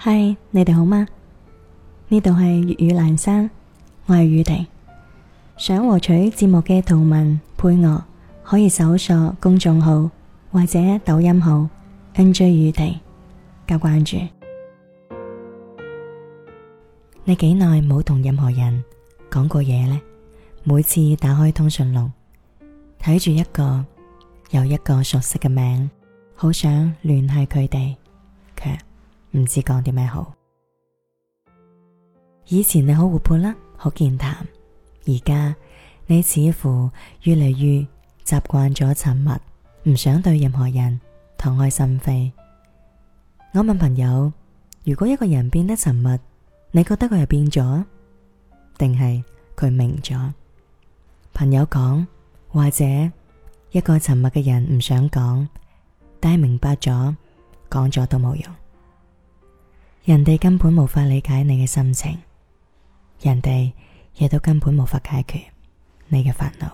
嗨，Hi, 你哋好嗎？呢度係粵語欄山，我係宇婷。想獲取節目嘅圖文配樂，可以搜索公眾號或者抖音號 NJ 宇婷加關注。你幾耐冇同任何人講過嘢呢？每次打開通訊錄，睇住一個又一個熟悉嘅名，好想聯繫佢哋，卻。唔知講啲咩好。以前你好活潑啦，好健談，而家你似乎越嚟越習慣咗沉默，唔想對任何人敞開心扉。我問朋友：如果一個人變得沉默，你覺得佢係變咗，定係佢明咗？朋友講，或者一個沉默嘅人唔想講，但係明白咗，講咗都冇用。人哋根本無法理解你嘅心情，人哋亦都根本無法解決你嘅煩惱。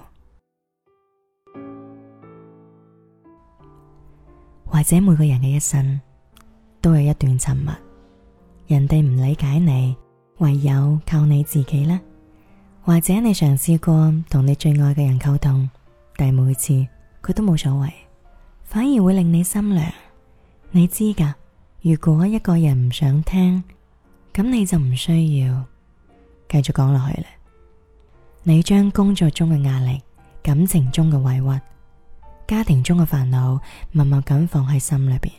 或者每個人嘅一生都有一段沉默，人哋唔理解你，唯有靠你自己啦。或者你嘗試過同你最愛嘅人溝通，但每次佢都冇所謂，反而會令你心涼，你知㗎。如果一個人唔想聽，咁你就唔需要繼續講落去啦。你將工作中嘅壓力、感情中嘅委屈、家庭中嘅煩惱，默默咁放喺心裏邊。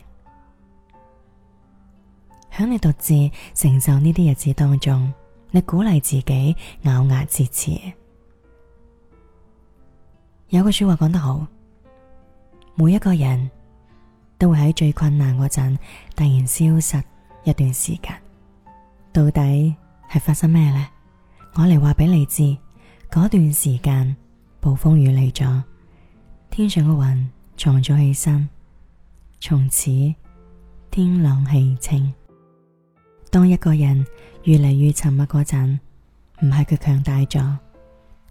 響你獨自承受呢啲日子當中，你鼓勵自己咬牙切齒。有個說話講得好，每一個人，都會喺最困難嗰陣突然消失一段時間，到底係發生咩呢？我嚟話俾你知，嗰段時間暴風雨嚟咗，天上嘅雲藏咗起身，從此天朗氣清。當一個人越嚟越沉默嗰陣，唔係佢強大咗、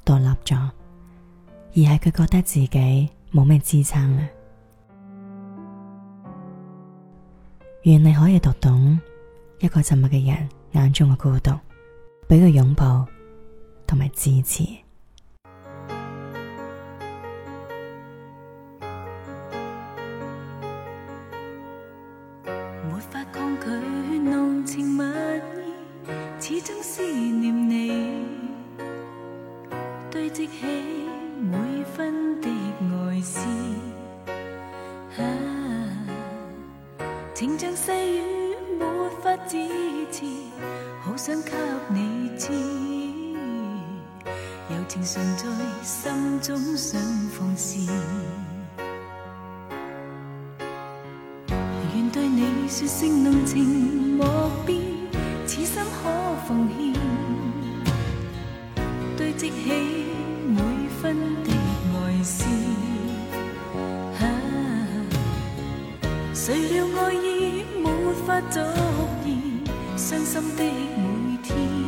獨立咗，而係佢覺得自己冇咩支撐啦。願你可以讀懂一個沉默嘅人眼中嘅孤獨，俾佢擁抱同埋支持，沒法抗拒濃情蜜意，始終思念你，堆積起每分的愛思。情像細雨，沒法自持，好想給你知，柔情常在心中想放肆，願對你說聲濃情莫變，此心可奉獻。足以傷心的每天。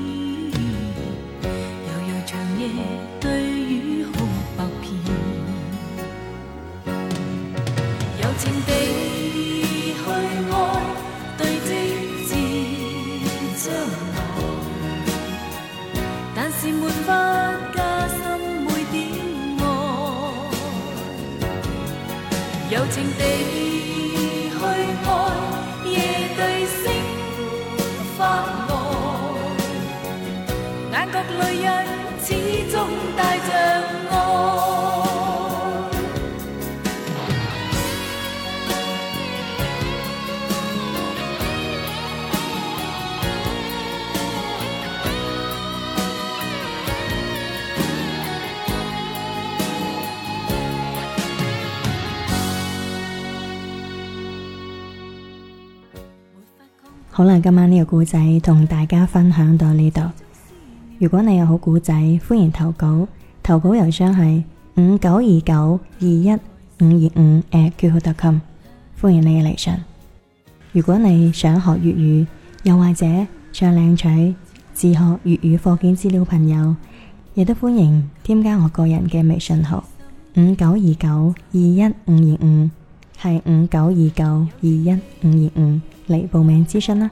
好啦，今晚呢個故仔同大家分享到呢度。如果你有好古仔，歡迎投稿，投稿郵箱係五九二九二一五二五 @QQ.com, 歡迎你嘅嚟信。如果你想學粵語，又或者想領取自學粵語課件資料，朋友亦都歡迎添加我個人嘅微信號五九二九二一五二五，係五九二九二一五二五嚟報名諮詢啦。